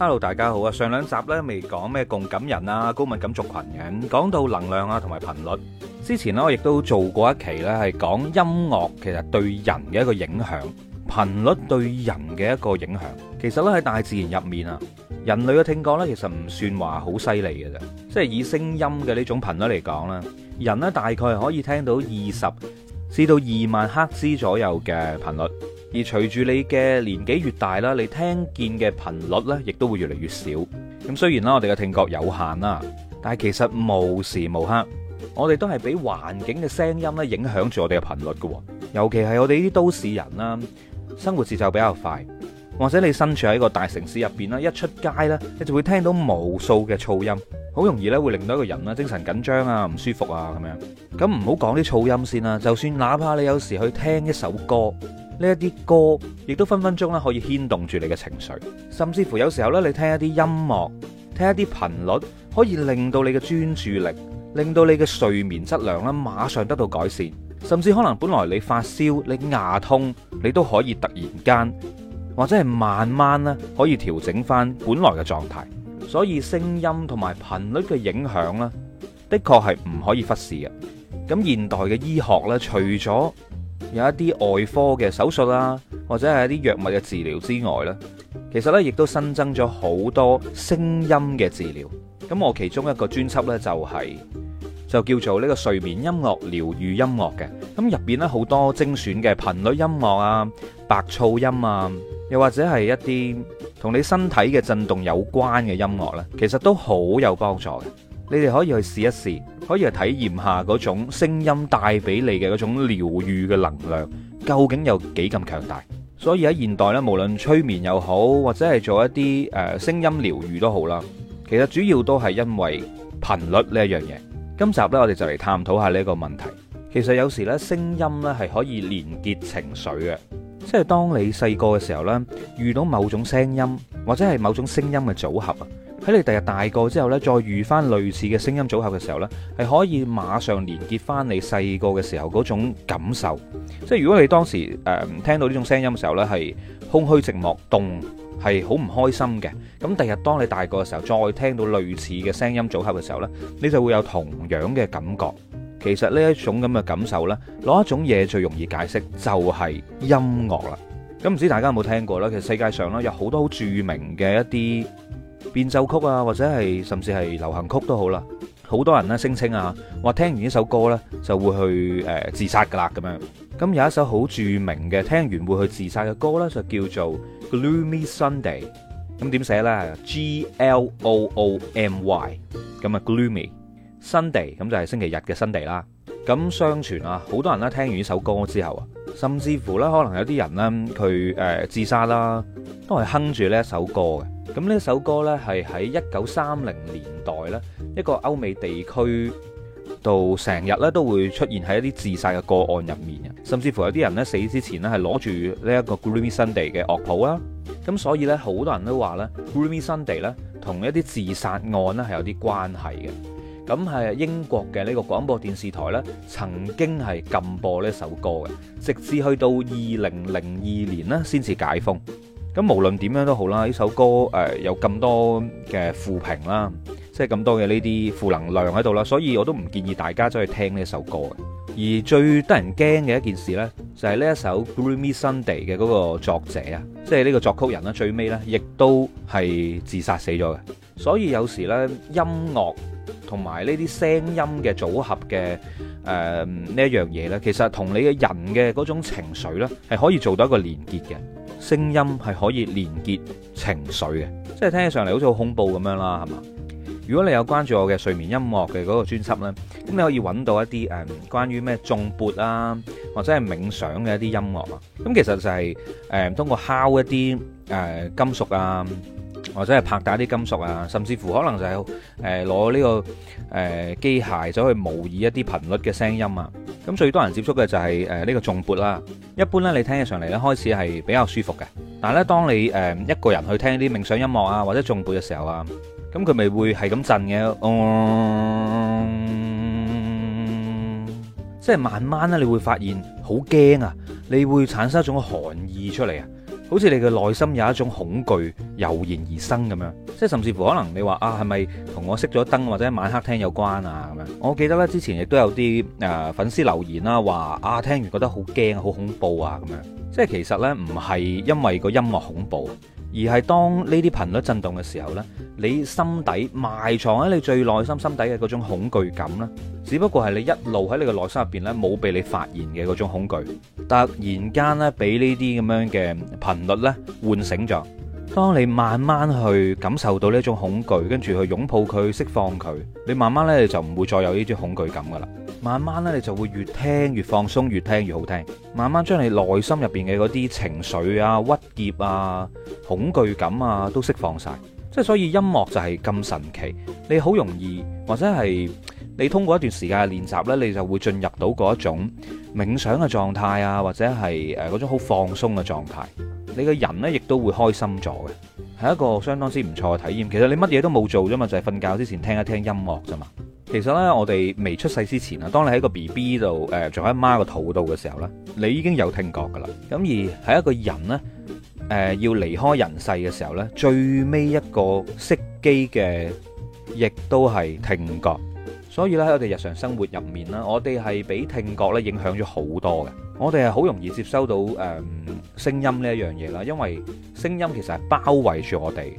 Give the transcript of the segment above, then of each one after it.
hello，大家好啊！上兩集咧未講咩共感人啊，高敏感族群嘅，講到能量啊，同埋頻率。之前咧我亦都做過一期咧，係講音樂其實對人嘅一個影響，頻率對人嘅一個影響。其實咧喺大自然入面啊，人類嘅聽覺咧其實唔算話好犀利嘅啫，即係以聲音嘅呢種頻率嚟講啦，人咧大概可以聽到二十至到二萬赫茲左右嘅頻率。而隨住你嘅年紀越大啦，你聽見嘅頻率咧，亦都會越嚟越少。咁雖然啦，我哋嘅聽覺有限啦，但係其實無時無刻我哋都係俾環境嘅聲音咧影響住我哋嘅頻率嘅。尤其係我哋啲都市人啦，生活節奏比較快，或者你身處喺一個大城市入邊啦，一出街咧，你就會聽到無數嘅噪音，好容易咧會令到一個人啦精神緊張啊，唔舒服啊咁樣。咁唔好講啲噪音先啦，就算哪怕你有時去聽一首歌。呢一啲歌，亦都分分鐘咧可以牽動住你嘅情緒，甚至乎有時候咧，你聽一啲音樂，聽一啲頻率，可以令到你嘅專注力，令到你嘅睡眠質量咧馬上得到改善，甚至可能本來你發燒、你牙痛，你都可以突然間或者係慢慢咧可以調整返本來嘅狀態。所以聲音同埋頻率嘅影響呢，的確係唔可以忽視嘅。咁現代嘅醫學呢，除咗有一啲外科嘅手術啊，或者係一啲藥物嘅治療之外呢，其實呢亦都新增咗好多聲音嘅治療。咁我其中一個專輯呢，就係就叫做呢個睡眠音樂療愈音樂嘅。咁入邊呢，好多精選嘅頻率音樂啊、白噪音啊，又或者係一啲同你身體嘅震動有關嘅音樂呢，其實都好有幫助嘅。你哋可以去試一試，可以去體驗下嗰種聲音帶俾你嘅嗰種療愈嘅能量，究竟有幾咁強大？所以喺現代咧，無論催眠又好，或者係做一啲誒聲音療愈都好啦，其實主要都係因為頻率呢一樣嘢。今集咧，我哋就嚟探討下呢個問題。其實有時咧，聲音咧係可以連結情緒嘅，即係當你細個嘅時候咧，遇到某種聲音或者係某種聲音嘅組合啊。喺你第日大個之後呢，再遇翻類似嘅聲音組合嘅時候呢，係可以馬上連結翻你細個嘅時候嗰種感受。即係如果你當時誒、呃、聽到呢種聲音嘅時候呢，係空虛、寂寞、凍，係好唔開心嘅。咁第日當你大個嘅時候，再聽到類似嘅聲音組合嘅時候呢，你就會有同樣嘅感覺。其實呢一種咁嘅感受呢，攞一種嘢最容易解釋就係音樂啦。咁唔知大家有冇聽過呢？其實世界上呢有好多好著名嘅一啲變奏曲啊，或者係甚至係流行曲都好啦，好多人咧，聲稱啊，話聽完呢首歌咧就會去誒自殺噶啦咁樣。咁有一首好著名嘅聽完會去自殺嘅歌咧，就叫做 Gloomy Sunday。咁點寫咧？G L O O M Y。咁啊，Gloomy Sunday，咁就係星期日嘅 Sunday 啦。咁相傳啊，好多人咧聽完呢首歌之後啊，甚至乎咧可能有啲人咧佢誒自殺啦，都係哼住呢一首歌嘅。咁呢首歌呢，係喺一九三零年代咧，一個歐美地區度成日咧都會出現喺一啲自殺嘅個案入面嘅，甚至乎有啲人咧死之前咧係攞住呢一個 Gloomy Sunday 嘅樂譜啦。咁所以呢，好多人都話咧 Gloomy Sunday 咧同一啲自殺案咧係有啲關係嘅。咁係英國嘅呢個廣播電視台咧曾經係禁播呢首歌嘅，直至去到二零零二年咧先至解封。咁無論點樣都好啦，呢首歌誒有咁多嘅負評啦，即係咁多嘅呢啲負能量喺度啦，所以我都唔建議大家走去聽呢首歌。而最得人驚嘅一件事呢，就係、是、呢一首《Gloomy Sunday》嘅嗰個作者啊，即係呢個作曲人啦，最尾呢亦都係自殺死咗嘅。所以有時呢，音樂同埋呢啲聲音嘅組合嘅誒呢一樣嘢呢，其實同你嘅人嘅嗰種情緒呢，係可以做到一個連結嘅。聲音係可以連結情緒嘅，即係聽起上嚟好似好恐怖咁樣啦，係嘛？如果你有關注我嘅睡眠音樂嘅嗰個專輯呢，咁你可以揾到一啲誒、嗯、關於咩重撥啊，或者係冥想嘅一啲音樂啊。咁其實就係、是、誒、嗯、通過敲一啲誒、嗯、金屬啊。或者係拍打啲金屬啊，甚至乎可能就係誒攞呢個誒、呃、機械走去模擬一啲頻率嘅聲音啊。咁最多人接觸嘅就係誒呢個頌缽啦。一般咧你聽起上嚟咧，開始係比較舒服嘅，但係咧當你誒、呃、一個人去聽啲冥想音樂啊或者頌缽嘅時候啊，咁佢咪會係咁震嘅、嗯，即係慢慢咧你會發現好驚啊，你會產生一種寒意出嚟啊。好似你嘅內心有一種恐懼油然而生咁樣，即係甚至乎可能你話啊，係咪同我熄咗燈或者晚黑聽有關啊咁樣？我記得咧之前亦都有啲誒、呃、粉絲留言啦，話啊聽完覺得好驚、好恐怖啊咁樣。即係其實呢唔係因為個音樂恐怖。而係當呢啲頻率震動嘅時候，呢你心底埋藏喺你最內心心底嘅嗰種恐懼感，呢只不過係你一路喺你嘅內心入邊呢冇被你發現嘅嗰種恐懼，突然間呢，俾呢啲咁樣嘅頻率呢，喚醒咗。當你慢慢去感受到呢種恐懼，跟住去擁抱佢釋放佢，你慢慢呢就唔會再有呢啲恐懼感噶啦。慢慢咧，你就會越聽越放鬆，越聽越好聽。慢慢將你內心入邊嘅嗰啲情緒啊、鬱結啊、恐懼感啊都釋放晒。即係所以音樂就係咁神奇，你好容易或者係你通過一段時間嘅練習呢，你就會進入到嗰一種冥想嘅狀態啊，或者係誒嗰種好放鬆嘅狀態。你個人呢，亦都會開心咗嘅，係一個相當之唔錯嘅體驗。其實你乜嘢都冇做啫嘛，就係瞓覺之前聽一聽音樂啫嘛。其實咧，我哋未出世之前啊，當你喺個 BB 度，誒、呃，仲喺媽個肚度嘅時候咧，你已經有聽覺噶啦。咁而喺一個人咧，誒、呃，要離開人世嘅時候咧，最尾一個熄機嘅，亦都係聽覺。所以咧，喺我哋日常生活入面啦，我哋係俾聽覺咧影響咗好多嘅。我哋係好容易接收到誒、呃、聲音呢一樣嘢啦，因為聲音其實係包圍住我哋。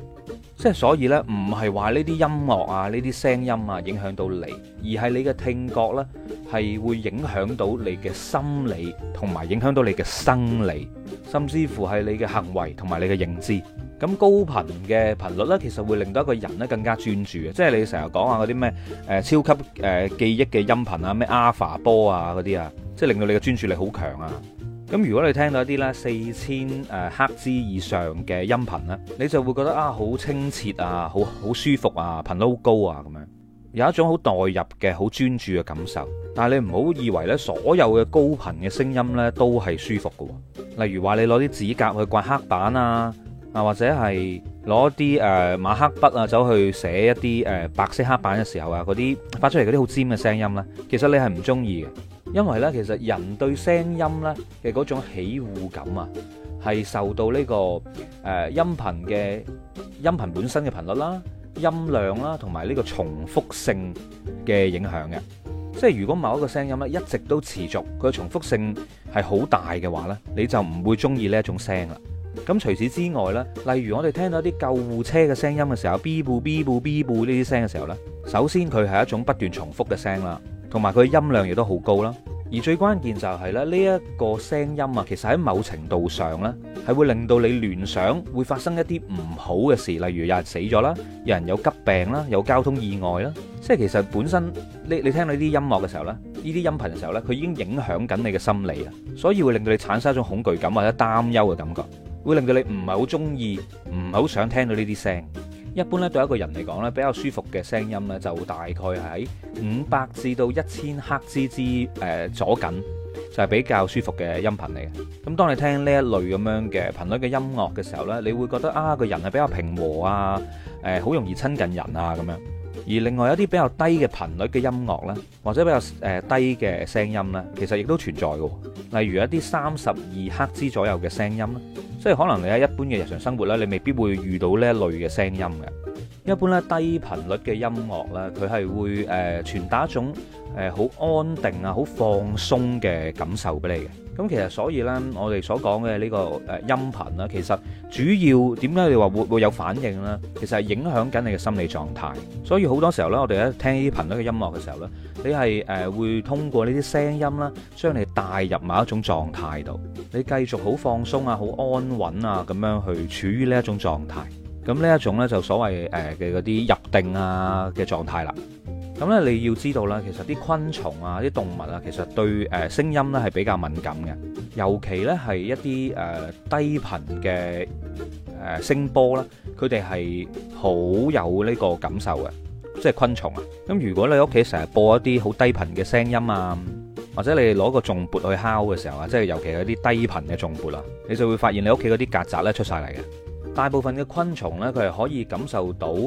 即係所以咧，唔係話呢啲音樂啊、呢啲聲音啊影響到你，而係你嘅聽覺咧係會影響到你嘅心理，同埋影響到你嘅生理，甚至乎係你嘅行為同埋你嘅認知。咁高頻嘅頻率咧，其實會令到一個人咧更加專注嘅。即係你成日講下嗰啲咩誒超級誒、呃、記憶嘅音頻啊，咩 Alpha 波啊嗰啲啊，即係令到你嘅專注力好強啊！咁如果你聽到一啲咧四千誒赫茲以上嘅音頻咧，你就會覺得啊好清澈啊，好好舒服啊，頻率好高啊咁樣，有一種好代入嘅好專注嘅感受。但係你唔好以為呢所有嘅高頻嘅聲音呢都係舒服嘅，例如話你攞啲指甲去刮黑板啊，啊或者係攞啲誒馬克筆啊走去寫一啲誒白色黑板嘅時候啊，嗰啲發出嚟嗰啲好尖嘅聲音咧，其實你係唔中意嘅。因為咧，其實人對聲音咧嘅嗰種喜惡感啊，係受到呢個誒音頻嘅音頻本身嘅頻率啦、音量啦，同埋呢個重複性嘅影響嘅。即係如果某一個聲音咧一直都持續，佢嘅重複性係好大嘅話咧，你就唔會中意呢一種聲啦。咁除此之外咧，例如我哋聽到啲救護車嘅聲音嘅時候，bi bu bi bu bi bu 呢啲聲嘅時候咧，首先佢係一種不斷重複嘅聲啦。同埋佢音量亦都好高啦，而最關鍵就係咧呢一個聲音啊，其實喺某程度上咧，係會令到你聯想會發生一啲唔好嘅事，例如有人死咗啦，有人有急病啦，有交通意外啦。即係其實本身你你聽到呢啲音樂嘅時候咧，呢啲音頻嘅時候咧，佢已經影響緊你嘅心理啊，所以會令到你產生一種恐懼感或者擔憂嘅感覺，會令到你唔係好中意，唔係好想聽到呢啲聲。一般咧對一個人嚟講咧，比較舒服嘅聲音咧，就大概喺五百至到一千赫茲之誒、呃、左近，就係、是、比較舒服嘅音頻嚟。咁當你聽呢一類咁樣嘅頻率嘅音樂嘅時候，呢你會覺得啊，個人係比較平和啊，誒、呃、好容易親近人啊咁樣。而另外一啲比較低嘅頻率嘅音樂咧，或者比較誒低嘅聲音咧，其實亦都存在嘅。例如一啲三十二赫茲左右嘅聲音咧，即係可能你喺一般嘅日常生活咧，你未必會遇到呢一類嘅聲音嘅。一般咧低頻率嘅音樂咧，佢係會誒傳達一種誒好安定啊、好放鬆嘅感受俾你嘅。咁其實所以咧，我哋所講嘅呢個誒音頻啦，其實主要點解你話會會有反應咧？其實係影響緊你嘅心理狀態。所以好多時候咧，我哋喺聽呢啲頻率嘅音樂嘅時候咧，你係誒會通過呢啲聲音啦，將你帶入某一種狀態度，你繼續好放鬆啊、好安穩啊，咁樣去處於呢一種狀態。咁呢一種呢，就所謂誒嘅嗰啲入定啊嘅狀態啦。咁呢，你要知道啦，其實啲昆蟲啊、啲動物啊，其實對誒聲音呢係比較敏感嘅，尤其呢，係一啲誒低頻嘅誒聲波啦，佢哋係好有呢個感受嘅，即係昆蟲啊。咁如果你屋企成日播一啲好低頻嘅聲音啊，或者你攞個重撥去敲嘅時候啊，即係尤其係一啲低頻嘅重撥啊，你就會發現你屋企嗰啲曱甴呢出晒嚟嘅。大部分嘅昆蟲呢，佢係可以感受到誒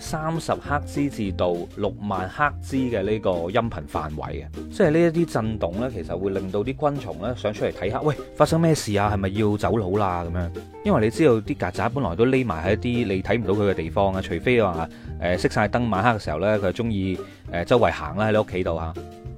三十赫茲至到六萬赫茲嘅呢個音頻範圍嘅，即係呢一啲震動呢，其實會令到啲昆蟲呢想出嚟睇下，喂，發生咩事啊？係咪要走佬啦？咁樣，因為你知道啲曱甴本來都匿埋喺啲你睇唔到佢嘅地方啊，除非話誒熄晒燈，呃、燈晚黑嘅時候呢，佢中意誒周圍行啦喺你屋企度啊，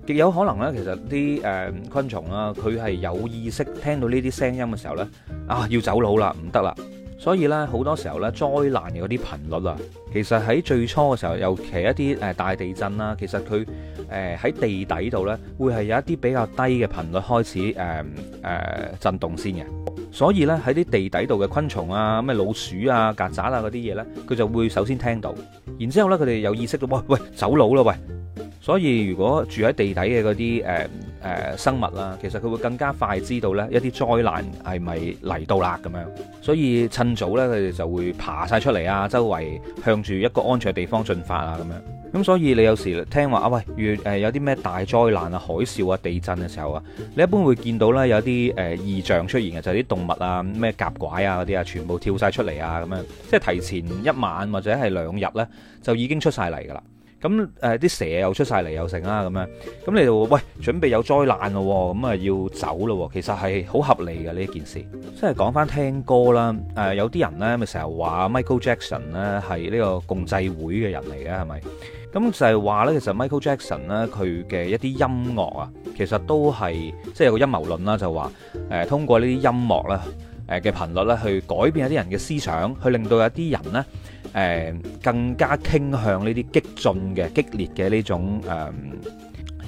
極有可能呢，其實啲誒、呃、昆蟲啊，佢係有意識聽到呢啲聲音嘅時候呢，啊，要走佬啦，唔得啦！所以咧，好多時候咧，災難嘅嗰啲頻率啊，其實喺最初嘅時候，尤其一啲誒大地震啦，其實佢誒喺地底度咧，會係有一啲比較低嘅頻率開始誒誒、呃呃、震動先嘅。所以咧，喺啲地底度嘅昆蟲啊、咩老鼠啊、曱甴啊嗰啲嘢咧，佢就會首先聽到，然之後咧，佢哋有意識到，喂、哎、喂，走佬啦喂！所以如果住喺地底嘅嗰啲誒，呃誒生物啦，其實佢會更加快知道呢一啲災難係咪嚟到啦咁樣，所以趁早呢，佢哋就會爬晒出嚟啊，周圍向住一個安全嘅地方進發啊咁樣。咁所以你有時聽話啊，喂，越誒有啲咩大災難啊、海嘯啊、地震嘅時候啊，你一般會見到呢，有啲誒異象出現嘅，就係啲動物啊、咩甲拐啊嗰啲啊，全部跳晒出嚟啊咁樣，即係提前一晚或者係兩日呢，就已經出晒嚟噶啦。咁誒啲蛇又出晒嚟又成啦咁樣，咁你就喂，準備有災難咯喎，咁啊要走咯喎，其實係好合理嘅呢一件事。即係講翻聽歌啦，誒有啲人呢咪成日話 Michael Jackson 呢係呢個共濟會嘅人嚟嘅係咪？咁就係話呢，其實 Michael Jackson 呢，佢嘅一啲音樂啊，其實都係即係有個陰謀論啦，就話誒通過呢啲音樂咧誒嘅頻率咧去改變一啲人嘅思想，去令到有啲人呢。誒更加傾向呢啲激進嘅、激烈嘅呢種誒。嗯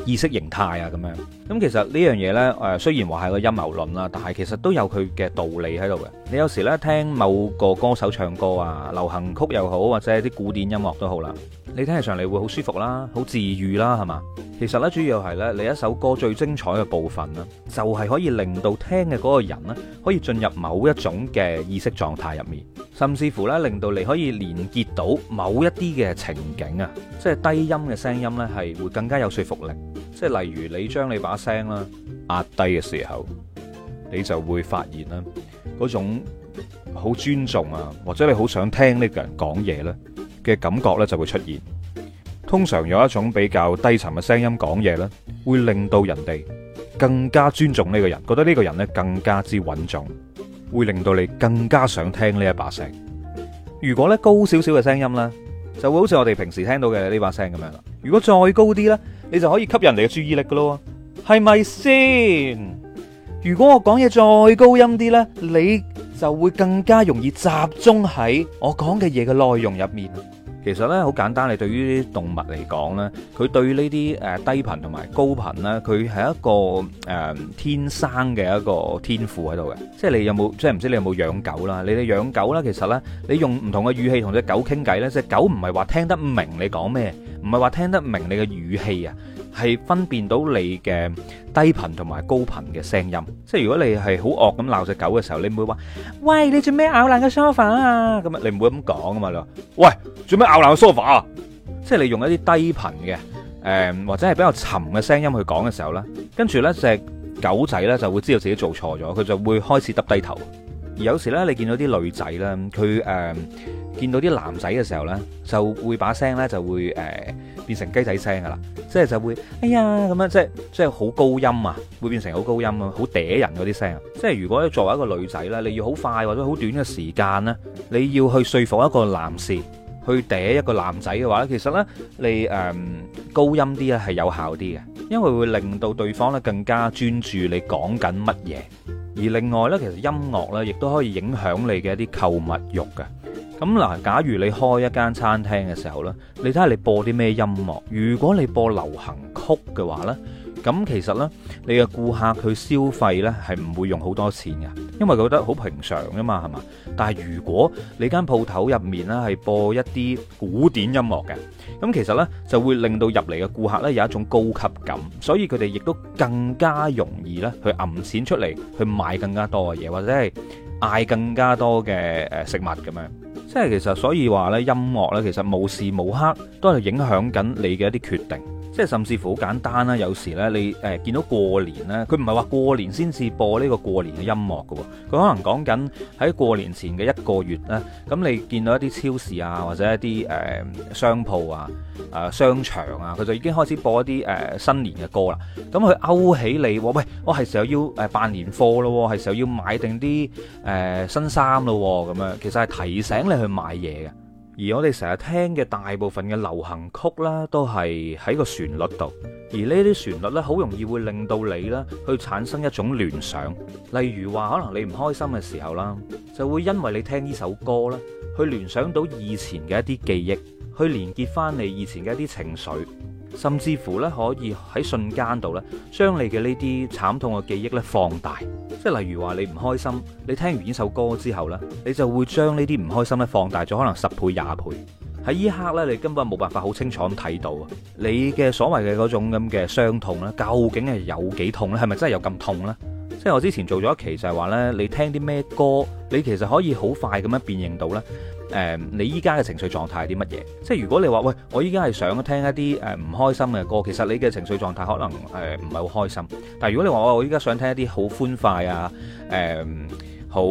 意識形態啊咁樣，咁其實呢樣嘢咧，誒雖然話係個陰謀論啦，但係其實都有佢嘅道理喺度嘅。你有時咧聽某個歌手唱歌啊，流行曲又好，或者啲古典音樂都好啦，你聽起上嚟會好舒服啦，好治癒啦，係嘛？其實咧主要係咧，你一首歌最精彩嘅部分啦，就係可以令到聽嘅嗰個人咧，可以進入某一種嘅意識狀態入面，甚至乎咧令到你可以連結到某一啲嘅情景啊，即係低音嘅聲音咧係會更加有說服力。即係例如你將你把聲啦壓低嘅時候，你就會發現啦嗰種好尊重啊，或者你好想聽呢個人講嘢咧嘅感覺咧就會出現。通常有一種比較低沉嘅聲音講嘢咧，會令到人哋更加尊重呢個人，覺得呢個人咧更加之穩重，會令到你更加想聽呢一把聲。如果咧高少少嘅聲音咧，就會好似我哋平時聽到嘅呢把聲咁樣啦。如果再高啲咧，你就可以吸引人哋嘅注意力噶咯，係咪先？如果我講嘢再高音啲呢，你就會更加容易集中喺我講嘅嘢嘅內容入面。其實呢，好簡單，你對於動物嚟講呢，佢對呢啲誒低頻同埋高頻呢，佢係一個誒、呃、天生嘅一個天賦喺度嘅。即係你有冇？即係唔知你有冇養狗啦？你哋養狗啦，其實呢，你用唔同嘅語氣同隻狗傾偈呢，隻狗唔係話聽得唔明你講咩。唔係話聽得明你嘅語氣啊，係分辨到你嘅低頻同埋高頻嘅聲音。即係如果你係好惡咁鬧隻狗嘅時候，你唔會話喂，你做咩咬爛個 sofa 啊咁啊，你唔會咁講啊嘛。你話喂，做咩咬爛個 sofa 啊？即係你用一啲低頻嘅誒，或者係比較沉嘅聲音去講嘅時候咧，跟住咧隻狗仔咧就會知道自己做錯咗，佢就會開始耷低頭。有時咧，你見到啲女仔咧，佢誒、呃、見到啲男仔嘅時候咧，就會把聲咧就會誒、呃、變成雞仔聲噶啦，即係就會哎呀咁樣，即係即係好高音啊，會變成好高音啊，好嗲人嗰啲聲啊，即係如果作為一個女仔咧，你要好快或者好短嘅時間咧，你要去說服一個男士。去嗲一個男仔嘅話咧，其實咧你誒高音啲咧係有效啲嘅，因為會令到對方咧更加專注你講緊乜嘢。而另外咧，其實音樂咧亦都可以影響你嘅一啲購物慾㗎。咁嗱，假如你開一間餐廳嘅時候咧，你睇下你播啲咩音樂。如果你播流行曲嘅話咧，咁其實咧你嘅顧客佢消費咧係唔會用好多錢嘅。因為覺得好平常啊嘛，係嘛？但係如果你間鋪頭入面呢係播一啲古典音樂嘅，咁其實呢就會令到入嚟嘅顧客呢有一種高級感，所以佢哋亦都更加容易呢去揞錢出嚟去買更加多嘅嘢，或者係嗌更加多嘅誒食物咁樣。即係其實所以話呢音樂呢，其實無時無刻都係影響緊你嘅一啲決定。即係甚至乎好簡單啦，有時咧你誒見到過年咧，佢唔係話過年先至播呢個過年嘅音樂㗎，佢可能講緊喺過年前嘅一個月咧，咁你見到一啲超市啊或者一啲誒商鋪啊、誒商場啊，佢就已經開始播一啲誒新年嘅歌啦。咁佢勾起你：喂，我係時候要誒辦年貨咯，係時候要買定啲誒新衫咯咁樣。其實係提醒你去買嘢嘅。而我哋成日聽嘅大部分嘅流行曲啦，都係喺個旋律度，而呢啲旋律呢，好容易會令到你呢去產生一種聯想，例如話可能你唔開心嘅時候啦，就會因為你聽呢首歌呢，去聯想到以前嘅一啲記憶，去連結返你以前嘅一啲情緒。甚至乎咧，可以喺瞬間度咧，將你嘅呢啲慘痛嘅記憶咧放大。即係例如話，你唔開心，你聽完呢首歌之後咧，你就會將呢啲唔開心咧放大咗，可能十倍、廿倍。喺呢刻咧，你根本冇辦法好清楚咁睇到，你嘅所謂嘅嗰種咁嘅傷痛咧，究竟係有幾痛咧？係咪真係有咁痛呢？即係我之前做咗一期就係話咧，你聽啲咩歌，你其實可以好快咁樣辨認到咧。.誒，你依家嘅情緒狀態係啲乜嘢？即係如果你話喂，我依家係想聽一啲誒唔開心嘅歌，其實你嘅情緒狀態可能誒唔係好開心。但如果你話我依家想聽一啲好歡快啊誒，呃好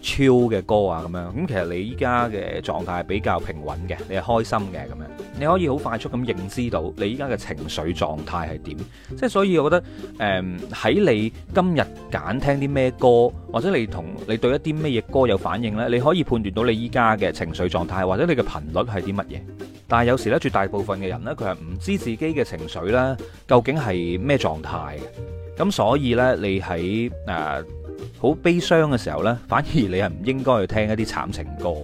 chill 嘅歌啊，咁樣咁其實你依家嘅狀態係比較平穩嘅，你係開心嘅咁樣，你可以好快速咁認知到你依家嘅情緒狀態係點。即係所以，我覺得誒喺、呃、你今日揀聽啲咩歌，或者你同你對一啲咩嘢歌有反應呢，你可以判斷到你依家嘅情緒狀態，或者你嘅頻率係啲乜嘢。但係有時呢，絕大部分嘅人呢，佢係唔知自己嘅情緒呢究竟係咩狀態嘅。咁所以呢，你喺誒。呃好悲傷嘅時候呢，反而你係唔應該去聽一啲慘情歌，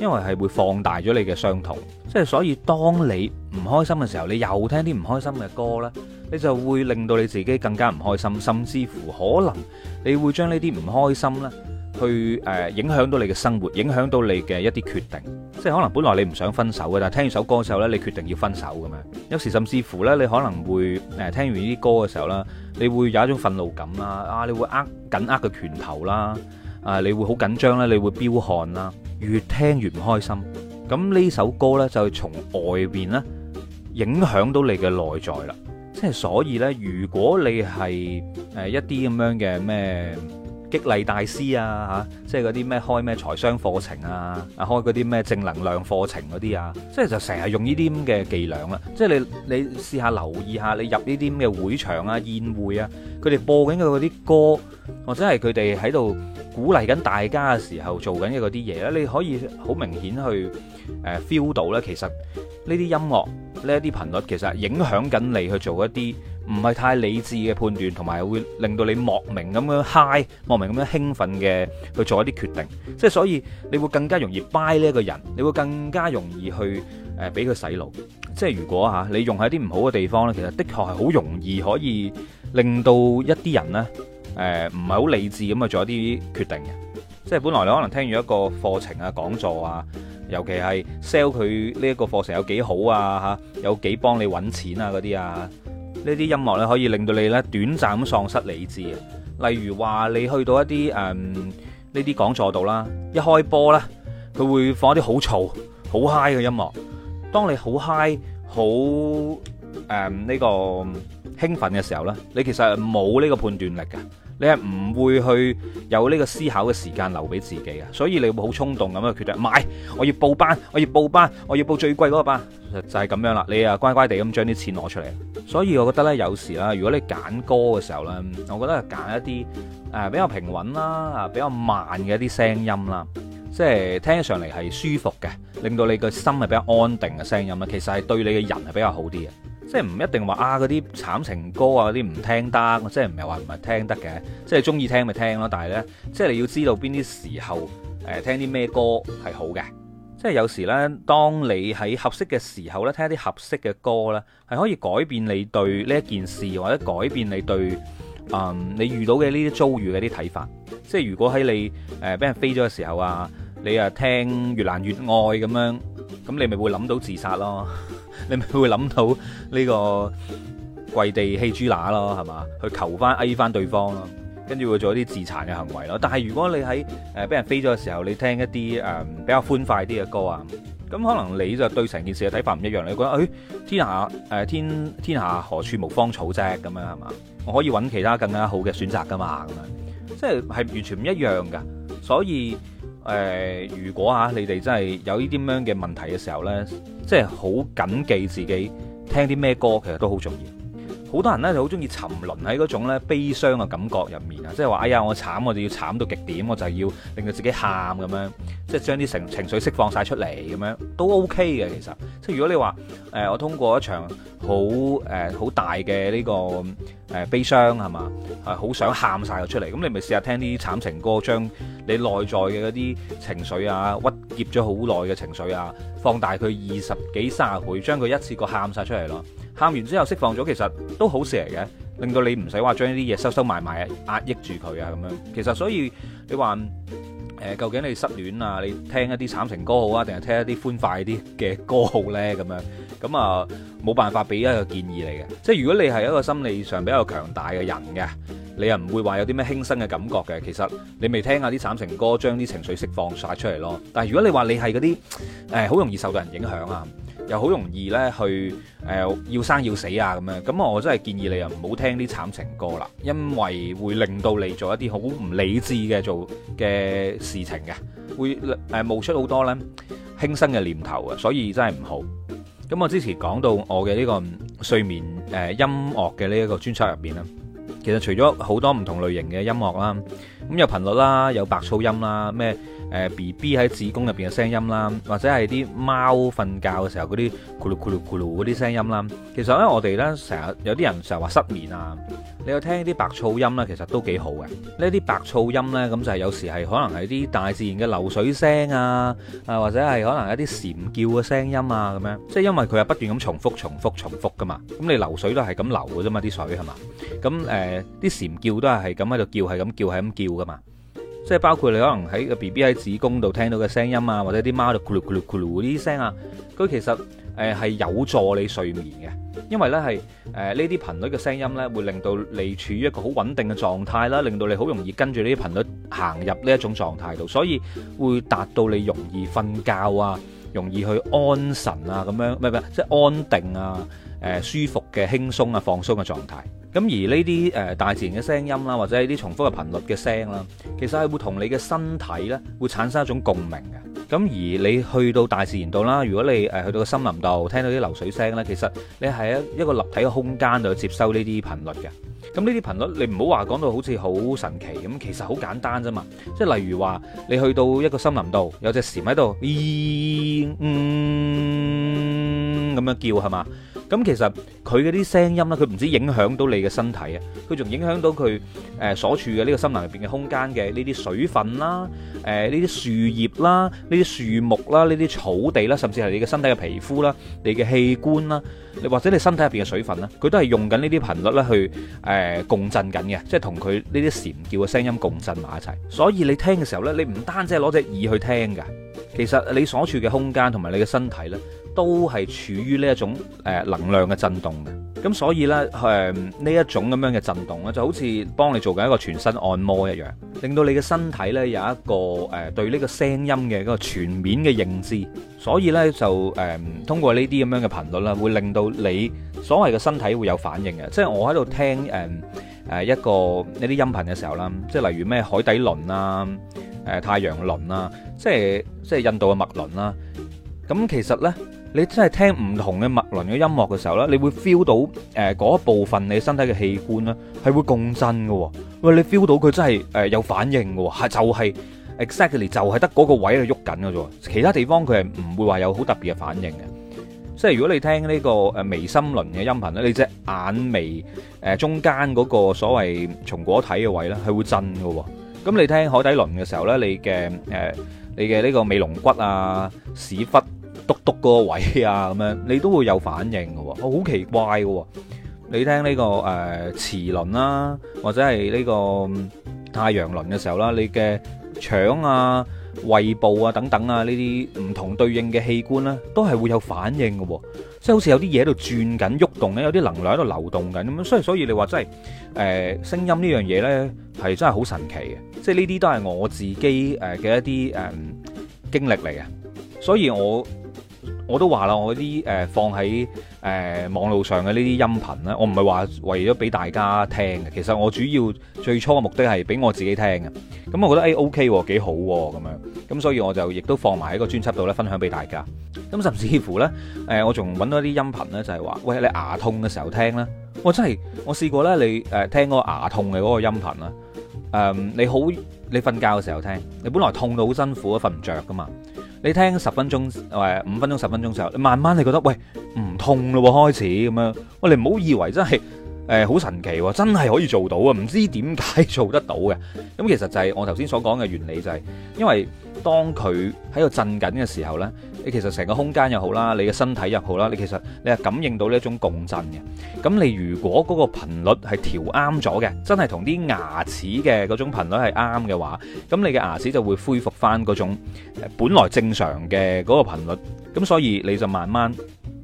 因為係會放大咗你嘅傷痛。即係所以，當你唔開心嘅時候，你又聽啲唔開心嘅歌呢，你就會令到你自己更加唔開心，甚至乎可能你會將呢啲唔開心呢。去誒影響到你嘅生活，影響到你嘅一啲決定，即係可能本來你唔想分手嘅，但係聽完首歌嘅時候呢，你決定要分手咁樣。有時甚至乎呢，你可能會誒聽完呢啲歌嘅時候啦，你會有一種憤怒感啦，啊，你會緊握緊握嘅拳頭啦，啊，你會好緊張啦，你會飆汗啦，越聽越唔開心。咁呢首歌呢，就係、是、從外邊呢，影響到你嘅內在啦。即係所以呢，如果你係誒一啲咁樣嘅咩，激勵大師啊，嚇，即係嗰啲咩開咩財商課程啊，啊開嗰啲咩正能量課程嗰啲啊，即係就成日用呢啲咁嘅伎倆啦。即係你你試下留意下，你入呢啲咁嘅會場啊、宴會啊，佢哋播緊嘅嗰啲歌，或者係佢哋喺度鼓勵緊大家嘅時候做緊嘅嗰啲嘢咧，你可以好明顯去誒 feel 到咧，其實呢啲音樂呢一啲頻率其實影響緊你去做一啲。唔係太理智嘅判斷，同埋會令到你莫名咁樣 high，莫名咁樣興奮嘅去做一啲決定。即係所以你會更加容易 buy 呢個人，你會更加容易去誒俾佢洗腦。即係如果嚇你用喺啲唔好嘅地方咧，其實的確係好容易可以令到一啲人呢誒唔係好理智咁去做一啲決定嘅。即係本來你可能聽完一個課程啊、講座啊，尤其係 sell 佢呢一個課程有幾好啊，嚇有幾幫你揾錢啊嗰啲啊。呢啲音樂咧可以令到你咧短暫咁喪失理智啊！例如話你去到一啲誒呢啲講座度啦，一開波咧佢會放一啲好嘈好嗨嘅音樂。當你好嗨、好誒呢個興奮嘅時候咧，你其實係冇呢個判斷力嘅。你係唔會去有呢個思考嘅時間留俾自己啊，所以你會好衝動咁去決定買，我要報班，我要報班，我要報最貴嗰個班，就係咁樣啦。你啊乖乖地咁將啲錢攞出嚟。所以我覺得呢，有時啦，如果你揀歌嘅時候呢，我覺得揀一啲誒比較平穩啦，啊比較慢嘅一啲聲音啦，即係聽上嚟係舒服嘅，令到你個心係比較安定嘅聲音咧，其實係對你嘅人係比較好啲嘅。即係唔一定話啊嗰啲慘情歌啊嗰啲唔聽得，即係唔係話唔係聽得嘅，即係中意聽咪聽咯。但係呢，即係你要知道邊啲時候誒、呃、聽啲咩歌係好嘅。即係有時呢，當你喺合適嘅時候呢，聽一啲合適嘅歌呢，係可以改變你對呢一件事，或者改變你對嗯、呃、你遇到嘅呢啲遭遇嘅啲睇法。即係如果喺你誒、呃、俾人飛咗嘅時候啊，你啊聽越難越愛咁樣，咁你咪會諗到自殺咯。你咪會諗到呢個跪地乞豬乸咯，係嘛？去求翻、哀翻對方咯，跟住會做一啲自殘嘅行為咯。但係如果你喺誒俾人飛咗嘅時候，你聽一啲誒、呃、比較歡快啲嘅歌啊，咁可能你就對成件事嘅睇法唔一樣。你覺得誒、哎、天下誒、呃、天天下何處無芳草啫？咁樣係嘛？我可以揾其他更加好嘅選擇㗎嘛？咁樣，即係係完全唔一樣㗎。所以。誒、呃，如果吓、啊、你哋真係有呢啲咁樣嘅問題嘅時候咧，即係好謹記自己聽啲咩歌，其實都好重要。好多人呢就好中意沉淪喺嗰種呢悲傷嘅感覺入面啊，即係話哎呀我慘，我就要慘到極點，我就要令到自己喊咁樣，即係將啲情情緒釋放晒出嚟咁樣都 OK 嘅其實。即係如果你話誒、呃、我通過一場好誒好大嘅呢個誒悲傷係嘛，係好、呃、想喊晒佢出嚟，咁你咪試下聽啲慘情歌，將你內在嘅嗰啲情緒啊，屈結咗好耐嘅情緒啊。放大佢二十幾卅倍，將佢一次過喊晒出嚟咯！喊完之後釋放咗，其實都好事嚟嘅，令到你唔使話將呢啲嘢收收埋埋啊，壓抑住佢啊咁樣。其實所以你話誒，究竟你失戀啊，你聽一啲慘情歌好啊，定係聽一啲歡快啲嘅歌好呢？咁樣咁啊，冇辦法俾一個建議你嘅。即係如果你係一個心理上比較強大嘅人嘅。你又唔會話有啲咩輕生嘅感覺嘅，其實你未聽下啲慘情歌，將啲情緒釋放曬出嚟咯。但係如果你話你係嗰啲誒好容易受到人影響啊，又好容易咧去誒要生要死啊咁樣，咁我真係建議你呀唔好聽啲慘情歌啦，因為會令到你做一啲好唔理智嘅做嘅事情嘅，會誒冒出好多咧輕生嘅念頭啊，所以真係唔好。咁我之前講到我嘅呢個睡眠誒音樂嘅呢一個專輯入面咧。其實除咗好多唔同類型嘅音樂啦，咁有頻率啦，有白噪音啦，咩？誒 B B 喺子宮入邊嘅聲音啦，或者係啲貓瞓覺嘅時候嗰啲咕嚕咕嚕咕嚕嗰啲聲音啦。其實咧，我哋咧成日有啲人成日話失眠啊，你去聽啲白噪音咧，其實都幾好嘅。呢啲白噪音咧，咁就係有時係可能係啲大自然嘅流水聲啊，啊或者係可能一啲蟬叫嘅聲音啊咁樣。即係因為佢係不斷咁重複、重複、重複噶嘛。咁你流水都係咁流嘅啫嘛，啲水係嘛。咁誒啲蟬叫都係係咁喺度叫，係咁叫，係咁叫噶嘛。即係包括你可能喺個 BB 喺子宮度聽到嘅聲音啊，或者啲貓度咕嚕咕嚕咕嚕嗰啲聲啊，佢其實誒係有助你睡眠嘅，因為咧係誒呢啲頻率嘅聲音呢，會令到你處於一個好穩定嘅狀態啦，令到你好容易跟住呢啲頻率行入呢一種狀態度，所以會達到你容易瞓覺啊，容易去安神啊咁樣，唔係即係安定啊。誒舒服嘅輕鬆啊，放鬆嘅狀態。咁而呢啲誒大自然嘅聲音啦，或者一啲重複嘅頻率嘅聲啦，其實係會同你嘅身體呢會產生一種共鳴嘅。咁而你去到大自然度啦，如果你誒去到個森林度聽到啲流水聲咧，其實你係一一個立體嘅空間度接收呢啲頻率嘅。咁呢啲頻率你唔好話講到好似好神奇咁，其實好簡單啫嘛。即係例如話你去到一個森林度有隻蟬喺度，咦、嗯、咁樣叫係嘛？咁其實佢嗰啲聲音咧，佢唔止影響到你嘅身體啊，佢仲影響到佢誒所處嘅呢個森林入邊嘅空間嘅呢啲水分啦、誒呢啲樹葉啦、呢啲樹木啦、呢啲草地啦，甚至係你嘅身體嘅皮膚啦、你嘅器官啦，或者你身體入邊嘅水分啦，佢都係用緊呢啲頻率咧去誒共振緊嘅，即係同佢呢啲蟬叫嘅聲音共振埋一齊。所以你聽嘅時候咧，你唔單止係攞隻耳去聽㗎，其實你所處嘅空間同埋你嘅身體咧，都係處於呢一種誒、呃、能量嘅震動嘅，咁所以呢，誒、呃、呢一種咁樣嘅震動咧，就好似幫你做緊一個全身按摩一樣，令到你嘅身體咧有一個誒、呃、對呢個聲音嘅嗰個全面嘅認知。所以呢，就誒、呃、通過呢啲咁樣嘅頻率啦，會令到你所謂嘅身體會有反應嘅。即係我喺度聽誒誒、呃呃、一個呢啲音頻嘅時候啦，即係例如咩海底輪啊、誒、呃、太陽輪啊，即係即係印度嘅脈輪啦。咁其實呢。你真係聽唔同嘅脈輪嘅音樂嘅時候咧，你會 feel 到誒嗰、呃、一部分你身體嘅器官咧係會共振嘅。喂，你 feel 到佢真係誒有反應嘅，係就係、是、exactly 就係得嗰個位係喐緊嘅啫，其他地方佢係唔會話有好特別嘅反應嘅。即係如果你聽呢個誒微心輪嘅音頻咧，你隻眼眉誒中間嗰個所謂松果體嘅位咧係會震嘅。咁你聽海底輪嘅時候咧，你嘅誒、呃、你嘅呢個尾龍骨啊屎忽。篤篤嗰個位啊，咁樣你都會有反應嘅喎，好、哦、奇怪嘅喎。你聽呢、這個誒磁輪啦，或者係呢、這個太陽輪嘅時候啦，你嘅腸啊、胃部啊等等啊，呢啲唔同對應嘅器官咧，都係會有反應嘅喎。即係好似有啲嘢喺度轉緊、喐動咧，有啲能量喺度流動緊咁樣。所以所以你話真係誒聲音呢樣嘢咧，係真係好神奇嘅。即係呢啲都係我自己誒嘅一啲誒、呃、經歷嚟嘅，所以我。我都話啦，我啲誒、呃、放喺誒、呃、網路上嘅呢啲音頻咧，我唔係話為咗俾大家聽嘅，其實我主要最初嘅目的係俾我自己聽嘅。咁我覺得誒、哎、OK 喎、哦，幾好喎、哦、咁樣。咁所以我就亦都放埋喺個專輯度咧，分享俾大家。咁甚至乎咧，誒、呃、我仲揾到一啲音頻咧，就係、是、話，喂你牙痛嘅時候聽啦。我真係我試過咧，你誒、呃、聽嗰個牙痛嘅嗰個音頻啦，誒、呃、你好你瞓覺嘅時候聽，你本來痛到好辛苦啊，瞓唔着噶嘛。你聽十分鐘或五分鐘、十分鐘時候，你慢慢你覺得喂唔痛咯喎，開始咁樣。喂，你唔好以為真係誒好神奇喎，真係可以做到啊！唔知點解做得到嘅？咁、嗯、其實就係我頭先所講嘅原理、就係，就係因為當佢喺度震緊嘅時候呢。你其實成個空間又好啦，你嘅身體又好啦，你其實你係感應到呢一種共振嘅。咁你如果嗰個頻率係調啱咗嘅，真係同啲牙齒嘅嗰種頻率係啱嘅話，咁你嘅牙齒就會恢復翻嗰種本來正常嘅嗰個頻率。咁所以你就慢慢，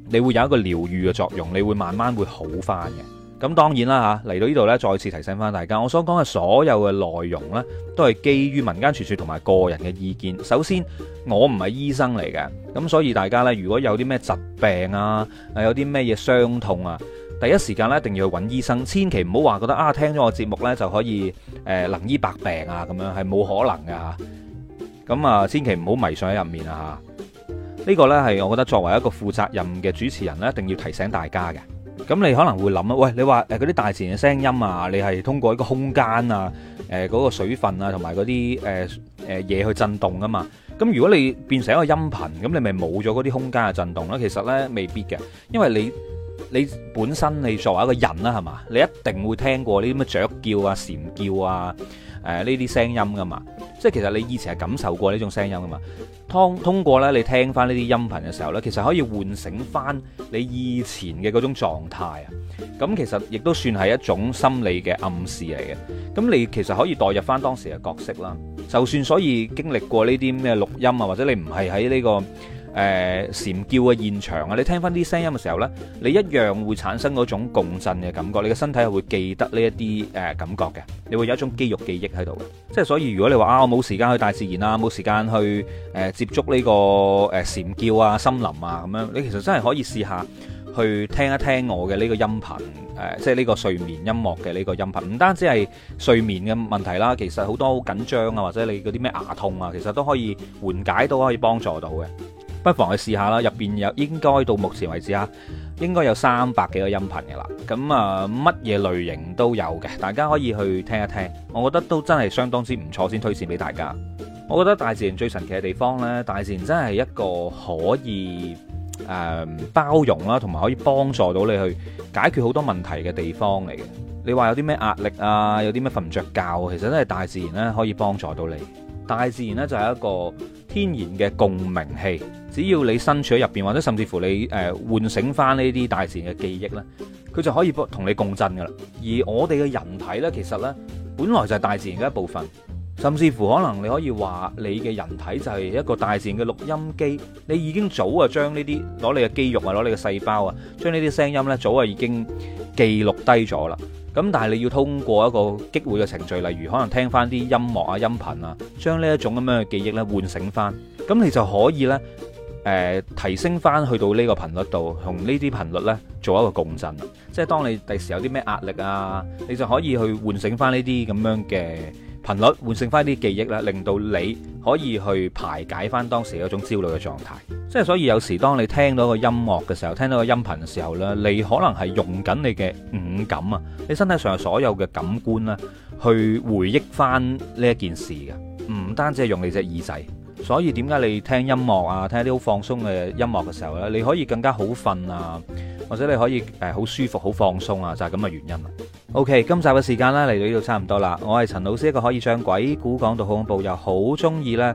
你會有一個療愈嘅作用，你會慢慢會好翻嘅。咁當然啦嚇，嚟到呢度呢，再次提醒翻大家，我所講嘅所有嘅內容呢，都係基於民間傳説同埋個人嘅意見。首先，我唔係醫生嚟嘅，咁所以大家呢，如果有啲咩疾病啊，有啲咩嘢傷痛啊，第一時間呢一定要去揾醫生，千祈唔好話覺得啊，聽咗我節目呢就可以誒、呃、能醫百病啊咁樣，係冇可能嘅。咁啊，啊，千祈唔好迷上喺入面啊呢、呢個呢，係我覺得作為一個負責任嘅主持人呢，一定要提醒大家嘅。咁你可能會諗啊，喂，你話誒嗰啲大自然嘅聲音啊，你係通過一個空間啊，誒嗰個水分啊，同埋嗰啲誒誒嘢去震動噶嘛。咁如果你變成一個音頻，咁你咪冇咗嗰啲空間嘅震動啦。其實咧，未必嘅，因為你你本身你作為一個人啦，係嘛，你一定會聽過呢啲咩雀叫啊、蟬叫啊、誒呢啲聲音噶嘛。即係其實你以前係感受過呢種聲音噶嘛，通通過咧你聽翻呢啲音頻嘅時候呢，其實可以喚醒翻你以前嘅嗰種狀態啊。咁其實亦都算係一種心理嘅暗示嚟嘅。咁你其實你可以代入翻當時嘅角色啦。就算所以經歷過呢啲咩錄音啊，或者你唔係喺呢個。誒蟬、呃、叫嘅現場啊！你聽翻啲聲音嘅時候呢，你一樣會產生嗰種共振嘅感覺。你嘅身體係會記得呢一啲誒感覺嘅，你會有一種肌肉記憶喺度嘅。即係所以，如果你話啊，我冇時間去大自然啊，冇時間去誒、呃、接觸呢、這個誒蟬、呃、叫啊、森林啊咁樣，你其實真係可以試下去聽一聽我嘅呢個音頻誒、呃，即係呢個睡眠音樂嘅呢個音頻。唔單止係睡眠嘅問題啦，其實好多好緊張啊，或者你嗰啲咩牙痛啊，其實都可以緩解到，可以幫助到嘅。不妨去試下啦，入邊有應該到目前為止哈，應該有三百幾個音頻嘅啦。咁啊，乜、呃、嘢類型都有嘅，大家可以去聽一聽。我覺得都真係相當之唔錯，先推薦俾大家。我覺得大自然最神奇嘅地方呢，大自然真係一個可以誒、呃、包容啦，同埋可以幫助到你去解決好多問題嘅地方嚟嘅。你話有啲咩壓力啊，有啲咩瞓唔着覺，其實都係大自然呢可以幫助到你。大自然呢就係、是、一個天然嘅共鳴器，只要你身處喺入邊，或者甚至乎你誒呃喚醒翻呢啲大自然嘅記憶呢，佢就可以同你共振噶啦。而我哋嘅人體呢，其實呢，本來就係大自然嘅一部分。甚至乎可能你可以話，你嘅人體就係一個大自然嘅錄音機，你已經早啊將呢啲攞你嘅肌肉啊攞你嘅細胞啊，將呢啲聲音咧早啊已經記錄低咗啦。咁但係你要通過一個激活嘅程序，例如可能聽翻啲音樂啊音頻啊，將呢一種咁樣嘅記憶咧喚醒翻，咁你就可以咧誒、呃、提升翻去到呢個頻率度，同呢啲頻率咧做一個共振，即係當你第時有啲咩壓力啊，你就可以去喚醒翻呢啲咁樣嘅。頻率喚醒翻啲記憶啦，令到你可以去排解翻當時嗰種焦慮嘅狀態。即係所以有時當你聽到個音樂嘅時候，聽到個音頻嘅時候呢，你可能係用緊你嘅五感啊，你身體上有所有嘅感官咧，去回憶翻呢一件事嘅。唔單止係用你隻耳仔，所以點解你聽音樂啊，聽啲好放鬆嘅音樂嘅時候呢，你可以更加好瞓啊，或者你可以誒好舒服、好放鬆啊，就係咁嘅原因啦。O.K. 今集嘅時間啦，嚟到呢度差唔多啦。我係陳老師，一個可以將鬼故講到好恐怖，又好中意呢。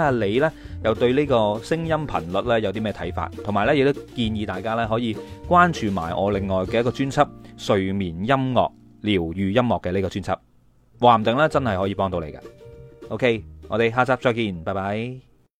啊，你咧又對呢個聲音頻率咧有啲咩睇法？同埋咧亦都建議，大家咧可以關注埋我另外嘅一個專輯《睡眠音樂療愈音樂》嘅呢個專輯，話唔定咧真係可以幫到你嘅。OK，我哋下集再見，拜拜。